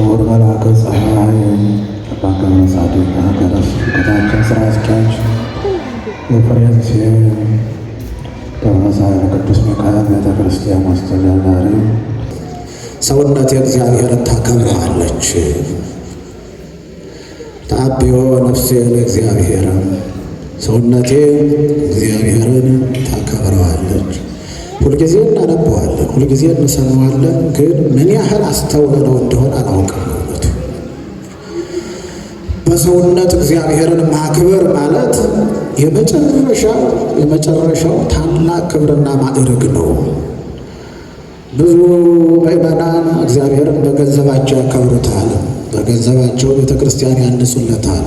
ክቡር መልአከ ፀሐይ አባ ገብረ ጻዲቅ ሀገረ ስብከታችን ስራ አስኪያጅ ቅዱስ ሚካኤል ቤተ ክርስቲያን አስተዳዳሪ፣ ሰውነት የእግዚአብሔርን ታከብረዋለች። ተአብዮ ነፍሴ ለእግዚአብሔርን፣ ሰውነቴ እግዚአብሔርን ታከብረዋለች። ሁልጊዜ እናነበዋለን፣ ሁልጊዜ እንሰማዋለን። ግን ምን ያህል አስተውለነው እንደሆነ አላውቅም። ነት በሰውነት እግዚአብሔርን ማክበር ማለት የመጨረሻው የመጨረሻው ታላቅ ክብርና ማዕረግ ነው። ብዙ ምዕመናን እግዚአብሔርን በገንዘባቸው ያከብሩታል። በገንዘባቸው ቤተ ክርስቲያን ያንጹለታል።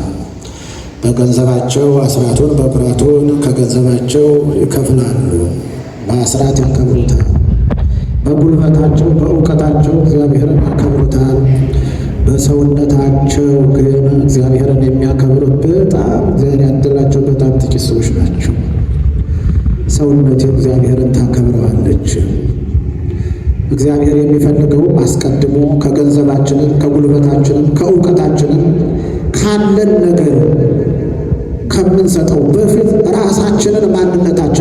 በገንዘባቸው አስራቱን በኩራቱን ከገንዘባቸው ይከፍላሉ። በአስራት ያከብሩታል። በጉልበታቸው በእውቀታቸው እግዚአብሔርን ያከብሩታል። በሰውነታቸው ግን እግዚአብሔርን የሚያከብሩት በጣም እግዚአብሔር ያደላቸው በጣም ጥቂት ሰዎች ናቸው። ሰውነት እግዚአብሔርን ታከብረዋለች። እግዚአብሔር የሚፈልገውም አስቀድሞ ከገንዘባችንም ከጉልበታችንም ከእውቀታችንም ካለን ነገር ከምንሰጠው በፊት ራሳችንን ማንነታችን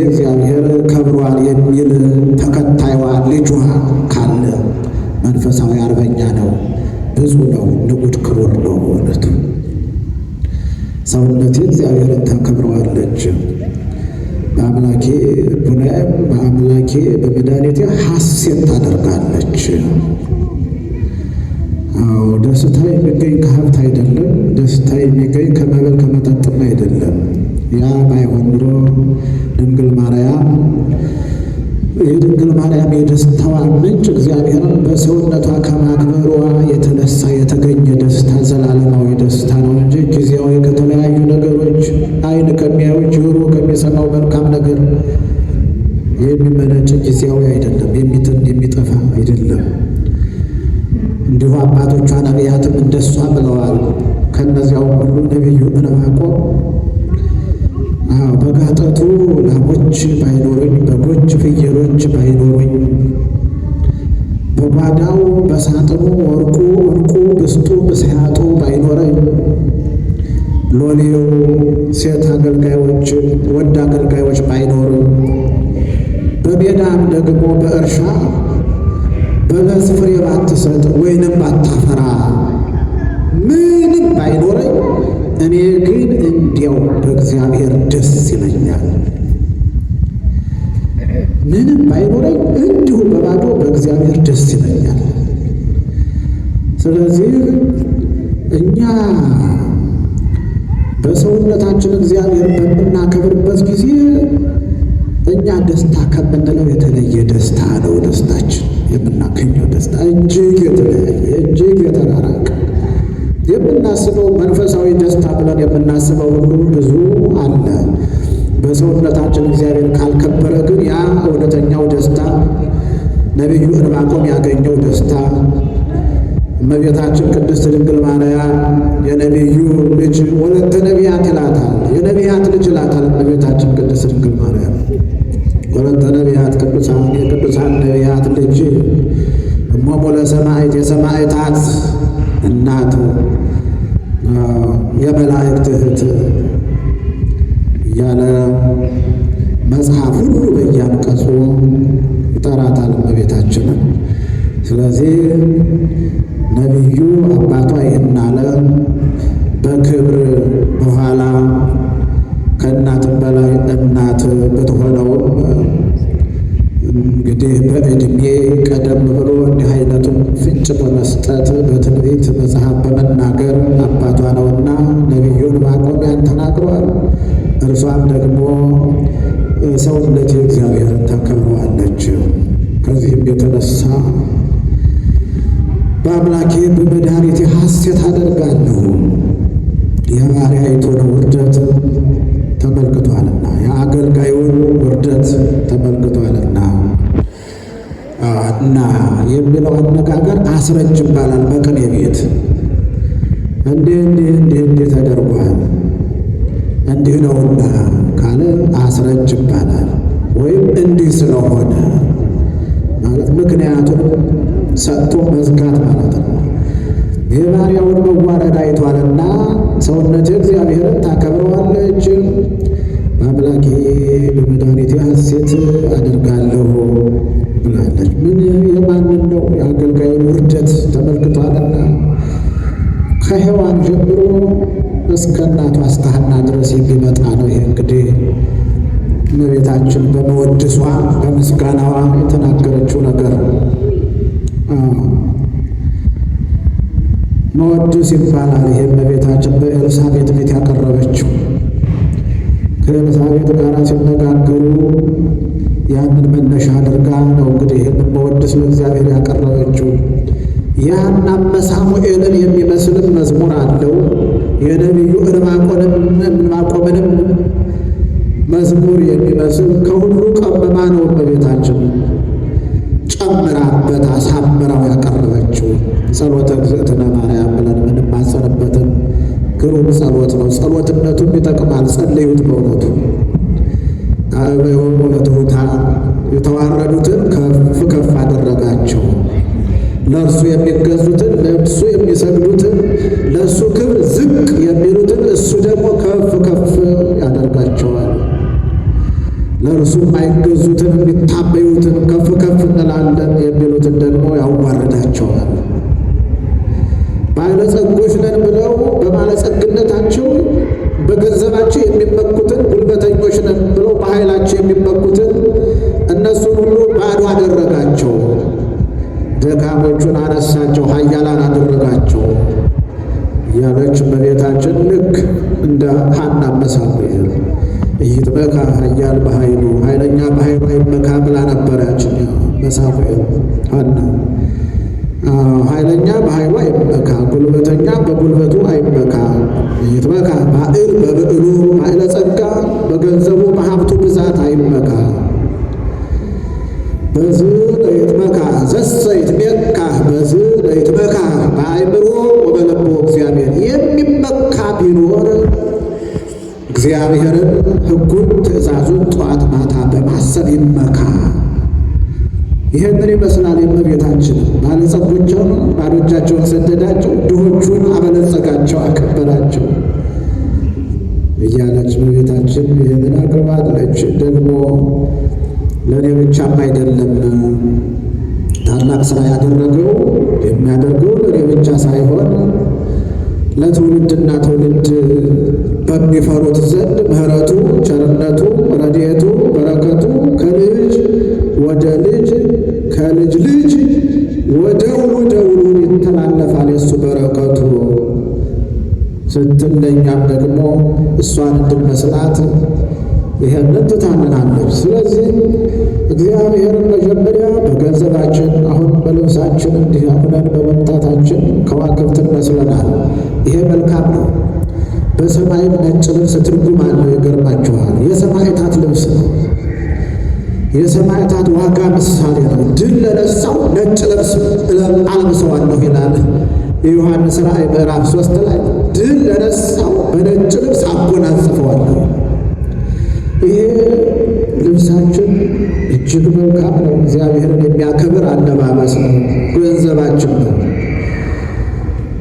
እግዚአብሔር ከብሯል የሚል ተከታይዋ ልጇ ካለ መንፈሳዊ አርበኛ ነው፣ ብዙ ነው፣ ንጉድ ክቡር ነው በእውነቱ። ሰውነቴ እግዚአብሔርን ታከብረዋለች። በአምላኬ ቡናዬም በአምላኬ በመድኃኒቴ ሐሴት ታደርጋለች። ደስታ የሚገኝ ከሀብት አይደለም። ደስታ የሚገኝ ከመብል ከመጠጥም አይደለም። ያ ባይሆን ኑሮ ድንግል ማርያም የድንግል ማርያም የደስታዋ ምንጭ እግዚአብሔርን በሰውነቷ ከማክበሯ የተነሳ የተገኘ ደስታ ዘላለማዊ ደስታ ነው እንጂ ጊዜያዊ ከተለያዩ ነገሮች አይን ከሚያዩ ጆሮ ከሚሰማው መልካም ነገር የሚመነጭ ጊዜያዊ አይደለም፣ የሚትን የሚጠፋ አይደለም። እንዲሁ አባቶቿ ነቢያትም እንደሷ ብለዋል። ከእነዚያው ሁሉ ነቢዩ ዕንባቆም በጋጠጡ ላሞች ባይኖሩኝ፣ በጎች ፍየሎች ባይኖሩኝ፣ በጓዳው በሳጥኑ ወርቁ ዕንቁ ብስጡ ብስያጡ ባይኖረኝ፣ ሎሌው ሴት አገልጋዮች ወድ አገልጋዮች ባይኖሩኝ፣ በሜዳም ደግሞ በእርሻ በለስ ፍሬ ባትሰጥ ወይንም ባታፈራ ምንም ባይኖረኝ እኔ ግን እንዲያው በእግዚአብሔር ደስ ይለኛል። ምንም ባይኖረኝ እንዲሁ በባዶ በእግዚአብሔር ደስ ይለኛል። ስለዚህ እኛ በሰውነታችን እግዚአብሔር በምናከብርበት ጊዜ እኛ ደስታ ከምንለው የተለየ ደስታ ነው። ደስታችን የምናገኘው ደስታ እጅግ የተለያየ እጅግ የተራራቀ የምናስበው መንፈሳዊ ደስታ ብለን የምናስበው ሁሉ ብዙ አለ። በሰውነታችን እግዚአብሔር ካልከበረ ግን ያ እውነተኛው ደስታ ነቢዩ ዕንባቆም ያገኘው ደስታ እመቤታችን ቅድስት ድንግል ማርያም የነቢዩ ልጅ ወለተ ነቢያት ይላታል። የነቢያት ልጅ ይላታል። እመቤታችን ቅድስት ድንግል ማርያም ወለተ ነቢያት፣ ቅዱሳን የቅዱሳን ነቢያት ልጅ እሞሞለ ሰማዕት የሰማዕታት እናቱ የመላእክት እህት እያለ መጽሐፍ ሁሉ በያንቀጹ ይጠራታል እመቤታችንን። ስለዚህ ነቢዩ አባቷ የሚለው አነጋገር አስረጅ ይባላል። በቅኔ ቤት እንዲህ እንዲህ እንዲህ እንዲህ ተደርጓል እንዲህ ነውና ካለ አስረጅ ይባላል። ወይም እንዲህ ስለሆነ ማለት ምክንያቱን ሰጥቶ መዝጋት ማለት ነው። የባሪያውን መዋረድ አይቷልና ሰውነት እግዚአብሔርን ታከብረዋለች። በአምላኬ በመድኃኒቴ ሐሴት አድርጋለሁ ብላለች። ምን የማንን ነው? የአገልጋዩን ውርደት ተመልክቷልና ከሔዋን ጀምሮ እስከ እናቷ እስከ ሐና ድረስ የሚመጣ ነው። ይህ እንግዲህ እመቤታችን በመወድሷ በምስጋናዋ የተናገረችው ነገር መወድስ ይባላል። ይህ እመቤታችን በኤልሳቤጥ ቤት ያቀረበችው ከኤልሳቤጥ ጋር ሲነጋገሩ ያንን መነሻ አድርጋ ነው እንግዲህ ይህን መወድስ ለእግዚአብሔር ያቀረበችው። ያናም ሳሙኤልን የሚመስልም መዝሙር አለው። የነቢዩ ዕንባቆምንም መዝሙር የሚመስል ከሁሉ ቀመማ ነው እመቤታችን ጨምራበት አሳምራው ያቀረበችው። ጸሎተ እግዝእትነ ማርያም ብለን የምንማጸንበትን ግሩም ጸሎት ነው። ጸሎትነቱም ይጠቅማል። ጸልዩት በእውነቱ አበበ ለትሑታ የተዋረዱትን ከፍ ከፍ አደረጋቸው። ለእርሱ የሚገዙትን፣ ለእሱ የሚሰግዱትን፣ ለእሱ ክብር ዝቅ የሚሉትን እሱ ደግሞ ከፍ ከፍ ያደርጋቸዋል። ለእርሱ የማይገዙትን የሚታበዩትን ከፍ ከፍ እንላለን የሚሉትን ደግሞ ያዋርዳቸዋል። ባለጸጎች ነን ብለው በባለጸግነታቸው በገንዘባቸው የሚመኩትን ጉልበተኞች ነን ብለው በኃይላቸው የሚመኩትን እነሱን ሁሉ ባዶ አደረጋቸው። ደካሞቹን አነሳቸው፣ ኃያላን አደረጋቸው ያለች እመቤታችን ልክ እንደ ሐና መሳሉ ይል ኃያል በኃይሉ ኃይለኛ በኃይሉ አይመካ ብላ ያችን መሳፍ ሐና ኃይለኛ በኃይሉ አይመካ፣ ጉልበተኛ በጉልበቱ አይመካ። ይትመካ ባዕል በብዕሉ፣ ኃይለ ጸጋ በገንዘቡ በሀብቱ ብዛት አይመካ። በዝ ለይትመካ ዘሰ ይትሜካ በዝ ለይትመካ በአይምሮ ወበለቦ እግዚአብሔር የሚመካ ቢኖር እግዚአብሔርን ሕጉን ትእዛዙን ጠዋት ማታ በማሰብ ይመካ። ይሄ ይመስላል? የእመቤታችን ባለጸጎቻቸውን ባዶ እጃቸውን ሰደዳቸው፣ ድሆቹን አበለጸጋቸው፣ አከበራቸው እያለች እመቤታችን ይህንን አቅርባለች። ደግሞ ለእኔ ብቻም አይደለም ታላቅ ስራ ያደረገው የሚያደርገው ለእኔ ብቻ ሳይሆን ለትውልድና ትውልድ በሚፈሩት ዘንድ ምሕረቱ፣ ቸርነቱ፣ ረድኤቱ፣ በረከቱ ከልጅ ወደ ልጅ ከልጅ ልጅ ወደውኑ ደውሉ ይተላለፋል የእሱ በረከቱ ስትል ለእኛም ደግሞ እሷን እንድንመስላት ይህንን ትታምናለች። ስለዚህ እግዚአብሔር መጀመሪያ በገንዘባችን አሁን በልብሳችን እንዲህ አሁነን በመምጣታችን ከዋክብትን መስለናል። ይሄ መልካም ነው። በሰማይም ነጭ ልብስ ትርጉም አለው። ይገርማችኋል። የሰማዕታት ልብስ ነው። የሰማዕታት ዋጋ ምሳሌ ነው። ድል ለነሳው ነጭ ልብስ አልብሰዋለሁ ይላል የዮሐንስ ራእይ ምዕራፍ ሶስት ላይ ድል ለነሳው በነጭ ልብስ አጎናጽፈዋለሁ። ይሄ ልብሳችን እጅግ መልካም ነው። እግዚአብሔርን የሚያከብር አለባበስ ነው፣ ገንዘባችን ነው።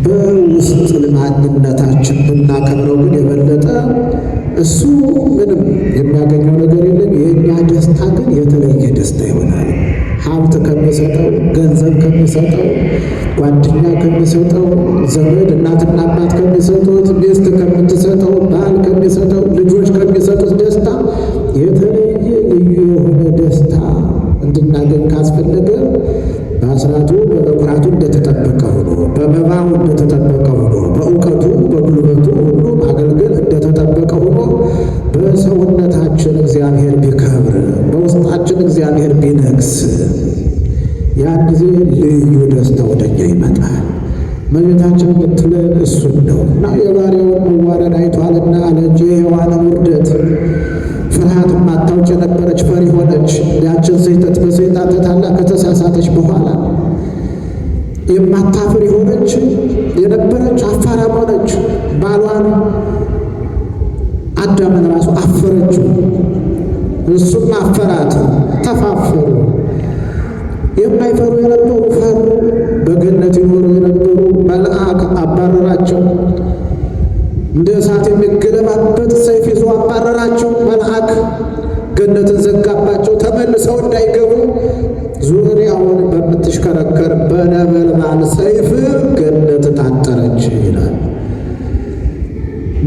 በውስጥ ማንነታችን ብናከብረው ግን የበለጠ እሱ ምንም የሚያገኘው ደስታ ይሆናል። ሀብት ከሚሰጠው፣ ገንዘብ ከሚሰጠው፣ ጓደኛ ከሚሰጠው፣ ዘመድ እናትና አባት ከሚሰጡት፣ ሚስት አማላጅ የምትለን እሱም ነው እና የባሪያውን መዋረድ አይቷልና አለች። የሔዋንን ውርደት ፍርሃት ማታውቅ የነበረች ፈሪ ሆነች። ያችን ስህተት በሰይጣን ተታላ ከተሳሳተች በኋላ የማታፍር የሆነች የነበረች አፋራም ሆነች። ባሏን አዳምን ራሱ አፈረችው፣ እሱም አፈራት። ተፋፈሩ። የማይፈሩ የነበሩ ፈሩ። በገነት ይኖሩ የነበሩ መልአክ አባረራቸው። እንደ እሳት የሚገለባበት ሰይፍ ይዞ አባረራቸው። መልአክ ገነትን ዘጋባቸው። ተመልሰው እንዳይገቡ ዙሪያውን በምትሽከረከር በነበልባል ሰይፍ ገነት ታጠረች ይላል።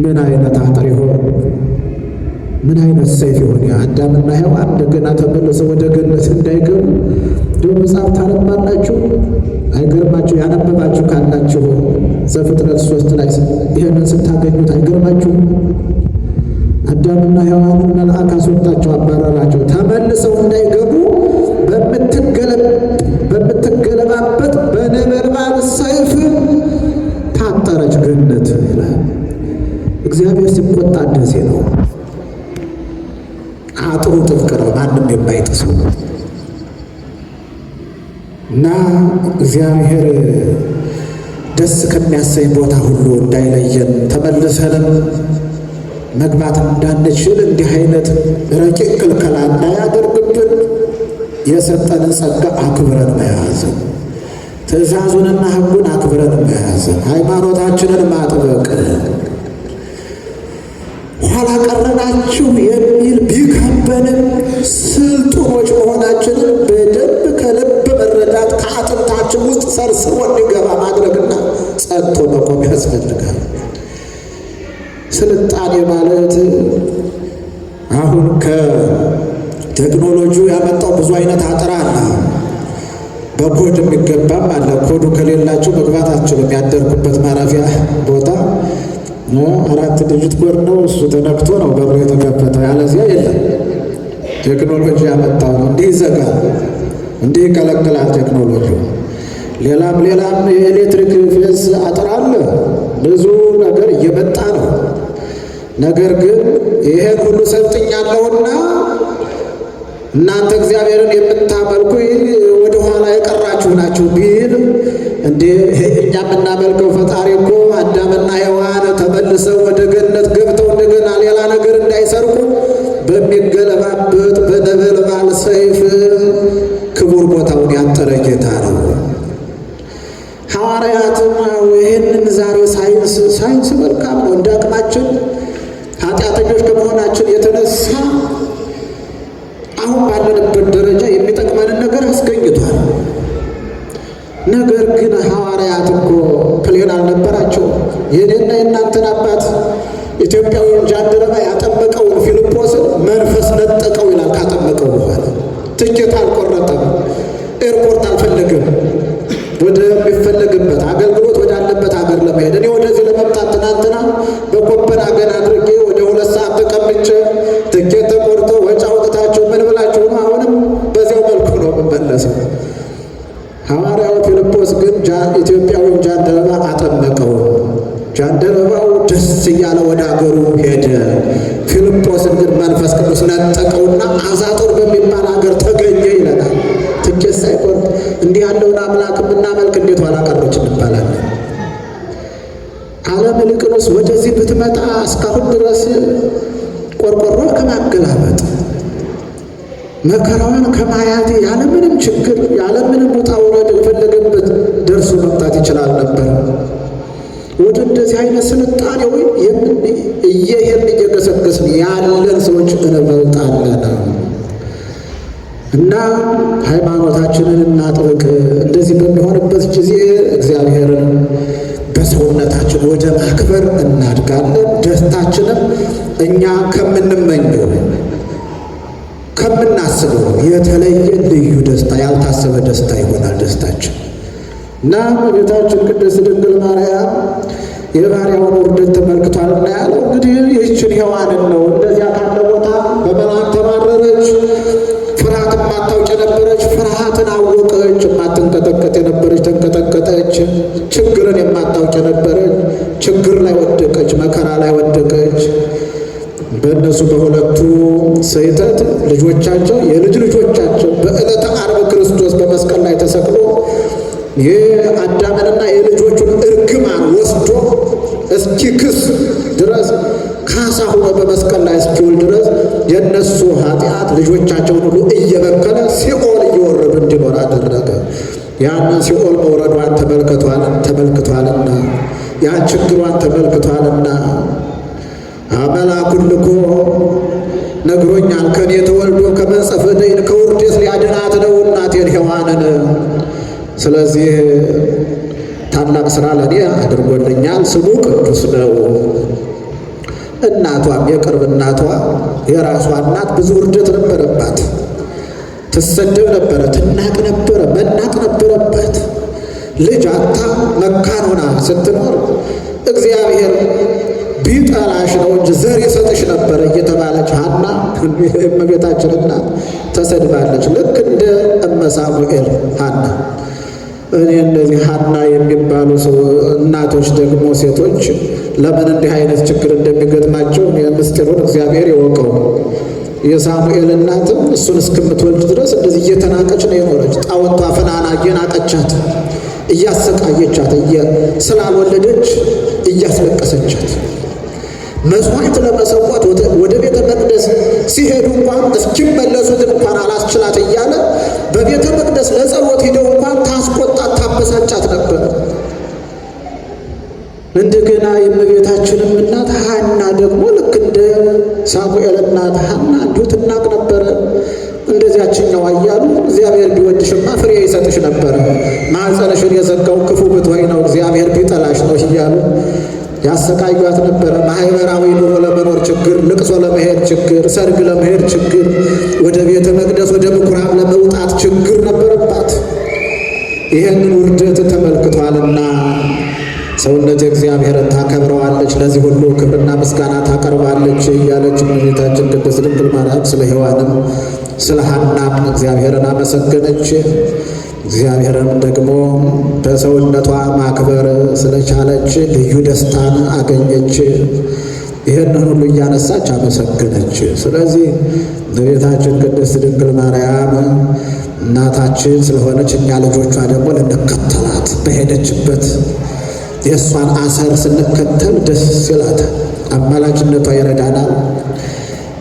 ምን አይነት አጥር ይሆን? ምን አይነት ሰይፍ ይሆን? አዳምና ሔዋን እንደገና ተመልሰው ወደ ገነት እንዳይገቡ እንዲሁ መጽሐፍ ታነባላችሁ። አይገርማችሁ ያነበባችሁ ካላችሁ ዘፍጥረት ሶስት ላይ ይህንን ስታገኙት አይገርማችሁ አዳምና ሔዋንን መልአክ አስወጣቸው፣ አባረራቸው። ተመልሰው እንዳይገቡ በምትገለባበት በነበልባል ሰይፍ ታጠረች ገነት እግዚአብሔር ሲቆጣ ደሴ ነው። አጥሩ ጥብቅ ነው፣ ማንም የማይጥሰው እና እግዚአብሔር ደስ ከሚያሰኝ ቦታ ሁሉ እንዳይለየን ተመልሰንም መግባት እንዳንችል እንዲህ አይነት ረቂቅ ክልከላ እንዳያደርግብን የሰጠንን ጸጋ አክብረን መያዝን ትእዛዙንና ሕጉን አክብረን መያዝን ሃይማኖታችንን ማጥበቅ ኋላ ቀረናችሁ የሚል ቢከበንም ስልጡኖች መሆናችንን መረዳት ከአጥንታችን ውስጥ ሰርስቦ እንዲገባ ማድረግና ጸጥቶ መቆም ያስፈልጋል። ስልጣኔ ማለት አሁን ከቴክኖሎጂ ያመጣው ብዙ አይነት አጥር አለ። በኮድ የሚገባም አለ። ኮዱ ከሌላቸው መግባት አችልም። ያደርኩበት ማረፊያ ቦታ አራት ድጅት ኮድ ነው። እሱ ተነክቶ ነው በሩ የተከፈተው፣ ያለዚያ የለም። ቴክኖሎጂ ያመጣው ነው እንዲህ ይዘጋል። እንዲህ ይከለክላል ቴክኖሎጂ ሌላም ሌላም የኤሌክትሪክ ፌዝ አጥራለ አለ። ብዙ ነገር እየመጣ ነው። ነገር ግን ይሄን ሁሉ ሰጥኛለሁና እናንተ እግዚአብሔርን የምታመልኩ ወደኋላ የቀራችሁ ናችሁ ቢል እንዴ እኛ የምናመልክ ሪፖርት አልፈለግም። ወደሚፈለግበት አገልግሎት ወዳለበት ሀገር ለመሄድ እኔ ወደዚህ ለመምጣት ትናንትና በኮፐን አገን አድርግ መከራውን ከማያቴ ያለምንም ችግር ያለምንም ውጣ ውረድ የፈለገበት ደርሶ መምጣት ይችላል ነበር። ወደ እንደዚህ አይነት ስልጣኔ ወይም እየሄድን እየገሰገስን ያለን ሰዎች እንበልጣለን እና ሃይማኖታችንን እናጥብቅ። እንደዚህ በሚሆንበት ጊዜ እግዚአብሔርን በሰውነታችን ወደ ማክበር እናድጋለን። ደስታችንም እኛ ከምንመኘው ከምናስበው የተለየ ልዩ ደስታ ያልታሰበ ደስታ ይሆናል ደስታችን እና እመቤታችን ቅድስት ድንግል ማርያም የባሪያውን ውርደት ተመልክቷልና ያለው እንግዲህ ይህችን ሔዋንን ነው። እንደዚያ ካለ ቦታ በመልአክ ተማረረች። ፍርሃት የማታውቅ የነበረች ፍርሃትን አወቀች። የማትንቀጠቀጥ የነበረች ተንቀጠቀጠች። ችግርን የማታውቅ የነበረች ችግር ላይ ወደቀች፣ መከራ ላይ ወደቀች። በእነሱ በሁለቱ ስህተት ልጆቻቸው የልጅ ልጆቻቸው በዕለተ ዓርብ ክርስቶስ በመስቀል ላይ ተሰቅሎ የአዳምንና የልጆቹን እርግማን ወስዶ እስኪ ክስ ድረስ ካሳ ሆኖ በመስቀል ላይ እስኪውል ድረስ የእነሱ ኃጢአት ልጆቻቸውን ሁሉ እየበከለ ሲኦል እየወረዱ እንዲኖር አደረገ። ያንን ሲኦል መውረዷን ተመልክቷል ተመልክቷልና ያን ችግሯን ተመልክቷልና አመላኩልኮ ነግሮኛል። ከኔ ተወልዶ ከመንጸፈ ደይን ከውርደት ሊያድናት ነው እናቴን ሔዋንን። ስለዚህ ታላቅ ስራ ለእኔ አድርጎልኛል። ስሙ ቅዱስ ነው። እናቷም የቅርብ እናቷ የራሷ እናት ብዙ ውርደት ነበረባት። ትሰደብ ነበረ፣ ትናቅ ነበረ፣ መናቅ ነበረባት። ልጅ አታ መካን ሆና ስትኖር እግዚአብሔር ቢጠላሽ ነው እንጂ ዘር ይሰጥሽ ነበረ እየተባለች ሀና እመቤታችን እናት ተሰድባለች። ልክ እንደ እመ ሳሙኤል ሀና። እኔ እነዚህ ሀና የሚባሉ እናቶች ደግሞ ሴቶች ለምን እንዲህ አይነት ችግር እንደሚገጥማቸው ምስጢሩን እግዚአብሔር የወቀው። የሳሙኤል እናትም እሱን እስክምትወልድ ድረስ እንደዚህ እየተናቀች ነው የኖረች። ጣዖቷ ፍናና እየናቀቻት እያሰቃየቻት ስላልወለደች እያስለቀሰቻት መስዋዕት ለመሰዋት ወደ ቤተ መቅደስ ሲሄዱ እንኳን እስኪመለሱት እንኳን አላስችላት እያለ በቤተ መቅደስ ለጸሎት ሄደው እንኳን ታስቆጣት፣ ታበሳጫት ነበር። እንደገና የእመቤታችንም እናት ሐና ደግሞ ልክ እንደ ሳሙኤል እናት ሐና ዱትናቅ ትናቅ ነበረ። እንደዚያችኛዋ እያሉ እግዚአብሔር ቢወድሽማ ፍሬ ይሰጥሽ ነበረ፣ ማኅፀንሽን የዘጋው ክፉ ብትሆኝ ነው። ያሰቃዩት ነበረ። ማህበራዊ ኑሮ ለመኖር ችግር፣ ልቅሶ ለመሄድ ችግር፣ ሰርግ ለመሄድ ችግር፣ ወደ ቤተ መቅደስ ወደ ምኩራብ ለመውጣት ችግር ነበረባት። ይህንን ውርደት ተመልክቷልና ሰውነት እግዚአብሔርን ታከብረዋለች፣ ለዚህ ሁሉ ክብርና ምስጋና ታቀርባለች እያለች እመቤታችን ቅድስት ድንግል ማርያም ስለ ሔዋንም ስለ ሐናም እግዚአብሔርን አመሰገነች። እግዚአብሔርም ደግሞ በሰውነቷ ማክበር ስለቻለች ልዩ ደስታን አገኘች። ይህንን ሁሉ እያነሳች አመሰገነች። ስለዚህ እመቤታችን ቅድስት ድንግል ማርያም እናታችን ስለሆነች እኛ ልጆቿ ደግሞ ልንከተላት በሄደችበት የእሷን አሰር ስንከተል ደስ ይላት። አማላጅነቷ ይረዳናል።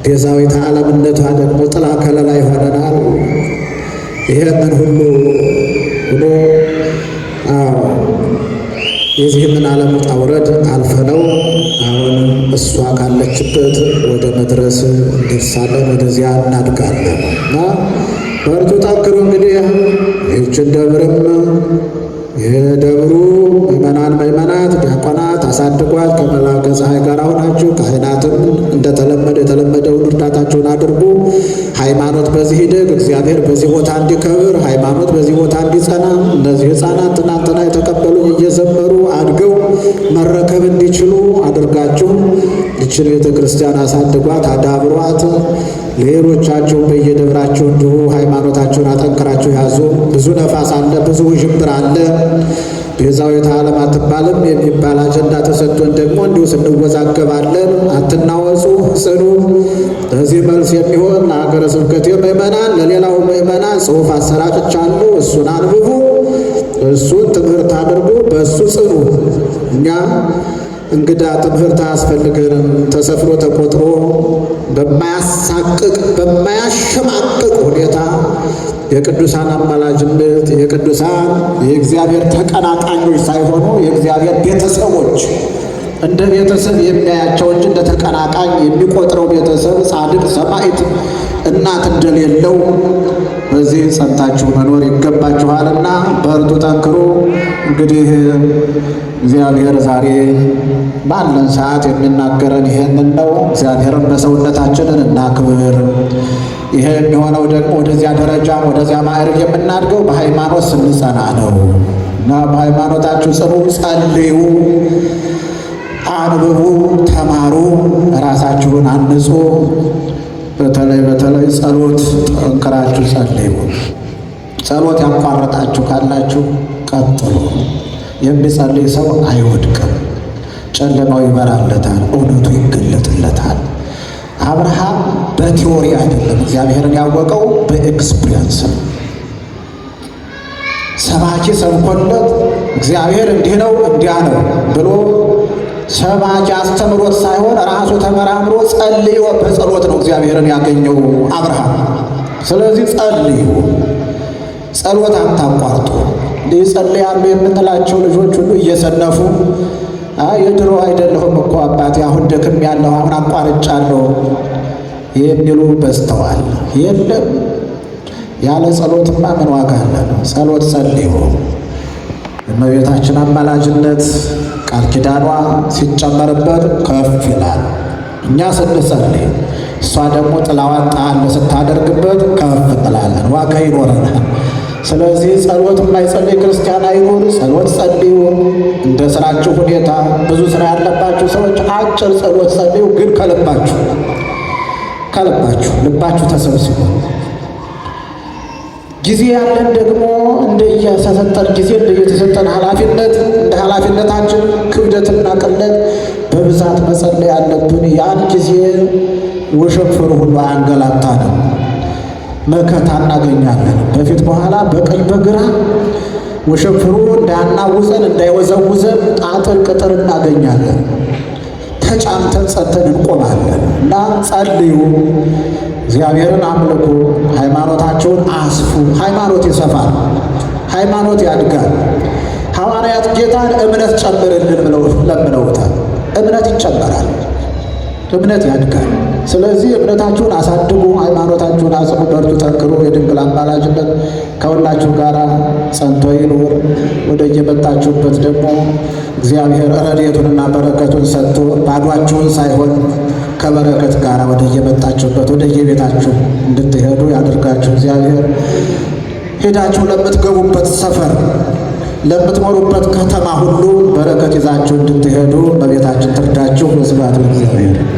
ቤዛዊተ ዓለምነቷ ደግሞ ጥላ ከለላ ይሆነናል። ይሄንን ሁሉ ብሎ የዚህምን ዓለም ውጣ ውረድ አልፈነው አሁን እሷ ካለችበት ወደ መድረስ እንደርሳለን፣ ወደዚያ እናድጋለን እና በርቱ ጠንክሩ። እንግዲህ ይህችን ደብርም የደብሩ ምእመናን፣ ምእመናት፣ ዲያቆናት አሳድጓት ከመላከ ፀሐይ ጋር ሆናችሁ ካህናትም እንደተለመደ የተለመደውን እርዳታችሁን አድርጉ። ሃይማኖት በዚህ ሂደ እግዚአብሔር በዚህ ቦታ እንዲከብር፣ ሃይማኖት በዚህ ቦታ እንዲጸና፣ እነዚህ ህፃናት ትናንትና የተቀበሉ እየዘመሩ አድገው መረከብ እንዲችሉ አድርጋችሁ ይችን ቤተ ክርስቲያን አሳድጓት አዳብሯት። ሌሎቻችሁ በየደብራችሁ እንዲሁ ሃይማኖታችሁን አጠንክራችሁ ያዙ። ብዙ ነፋስ አለ፣ ብዙ ውዥንብር አለ። ቤዛዊተ ዓለም አትባልም የሚባል አጀንዳ ተሰጥቶን ደግሞ እንዲሁ ስንወዛገባለን። አትናወጹ ጽኑ። ለዚህ መልስ የሚሆን ለሀገረ ስብከት ምእመናን፣ ለሌላው ምእመናን ጽሑፍ አሉ እሱን አንብቡ፣ እሱን ትምህርት አድርጉ፣ በእሱ ጽኑ። እኛ እንግዳ ትምህርት አያስፈልገንም። ተሰፍሮ ተቆጥሮ በማያሳቅቅ በማያሸማቅቅ ሁኔታ የቅዱሳን አማላጅነት የቅዱሳን የእግዚአብሔር ተቀናቃኞች ሳይሆኑ የእግዚአብሔር ቤተሰቦች እንደ ቤተሰብ የሚያያቸው እንጂ እንደ ተቀናቃኝ የሚቆጥረው ቤተሰብ ጻድቅ ሰማዕት እናት እንደሌለው በዚህ ጸንታችሁ መኖር ይገባችኋልና በርቱ፣ ጠንክሩ። እንግዲህ እግዚአብሔር ዛሬ ባለን ሰዓት የሚናገረን ይህንን ነው። እግዚአብሔርን በሰውነታችንን እናክብር። ይሄ የሚሆነው ደግሞ ወደዚያ ደረጃ ወደዚያ ማዕረግ የምናድገው በሃይማኖት ስንጸና ነው እና በሃይማኖታችሁ ጽኑ፣ ጸልዩ፣ አንብቡ፣ ተማሩ፣ ራሳችሁን አንጹ። በተለይ በተለይ ጸሎት ጠንክራችሁ ጸልዩ። ጸሎት ያቋረጣችሁ ካላችሁ ቀጥሉ። የሚጸልይ ሰው አይወድቅም፣ ጨለማው ይበራለታል፣ እውነቱ ይገለጥለታል። አብርሃም በቲዎሪ አይደለም እግዚአብሔርን ያወቀው በኤክስፒሪየንስ ነው። ሰባኪ ሰብኮለት እግዚአብሔር እንዲህ ነው እንዲያ ነው ብሎ ሰባኪ አስተምሮት ሳይሆን ራሱ ተመራምሮ ጸልዮ በጸሎት ነው እግዚአብሔርን ያገኘው አብርሃም። ስለዚህ ጸልዩ ጸሎት አታቋርጡ። ሊጸልያሉ የምንላቸው ልጆች ሁሉ እየሰነፉ የድሮ አይደለሁም እኮ አባቴ፣ አሁን ደክም ያለው አሁን አቋርጫለሁ የሚሉ በዝተዋል። የለም ያለ ጸሎትማ ምን ዋጋ አለን? ጸሎት ጸልዩ። እመቤታችን አማላጅነት ቃል ኪዳኗ ሲጨመርበት ከፍ ይላል። እኛ ስንጸልይ እሷ ደግሞ ጥላዋን ጣል ስታደርግበት ከፍ ጥላለን፣ ዋጋ ይኖረናል። ስለዚህ ጸሎት የማይጸልይ ክርስቲያን አይኑር። ጸሎት ጸልዩ። እንደ ስራችሁ ሁኔታ ብዙ ስራ ያለባችሁ ሰዎች አጭር ጸሎት ጸልዩ፣ ግን ከልባችሁ ከልባችሁ ልባችሁ ተሰብስቦ ጊዜ ያለን ደግሞ እንደየተሰጠን ጊዜ እንደየተሰጠን ኃላፊነት እንደ ኃላፊነታችን ክብደትና ቅለት በብዛት መጸለይ ያለብን። ያን ጊዜ ውሽንፍር ሁሉ አንገላታ ነው። መከታ እናገኛለን። በፊት በኋላ በቀኝ በግራ ወሸፍሮ እንዳያናውዘን እንዳይወዘውዘን ጣጥር ቅጥር እናገኛለን። ተጫምተን ጸተን እንቆማለን እና ጸልዩ፣ እግዚአብሔርን አምልኩ፣ ሃይማኖታቸውን አስፉ። ሃይማኖት ይሰፋል፣ ሃይማኖት ያድጋል። ሐዋርያት ጌታን እምነት ጨምርልን ብለው ለምነውታል። እምነት ይጨመራል፣ እምነት ያድጋል። ስለዚህ እምነታችሁን አሳድጉ፣ ሃይማኖታችሁን አጽፉ፣ በርቱ፣ ጠንክሩ። የድንግል አማላጅነት ከሁላችሁ ጋር ጸንቶ ይኑር። ወደ የመጣችሁበት ደግሞ እግዚአብሔር ረድኤቱንና በረከቱን ሰጥቶ ባዷችሁን ሳይሆን ከበረከት ጋር ወደ የመጣችሁበት ወደ የቤታችሁ እንድትሄዱ ያደርጋችሁ እግዚአብሔር። ሄዳችሁ ለምትገቡበት ሰፈር ለምትኖሩበት ከተማ ሁሉ በረከት ይዛችሁ እንድትሄዱ በቤታችን ትርዳችሁ። ወስብሐት ለእግዚአብሔር።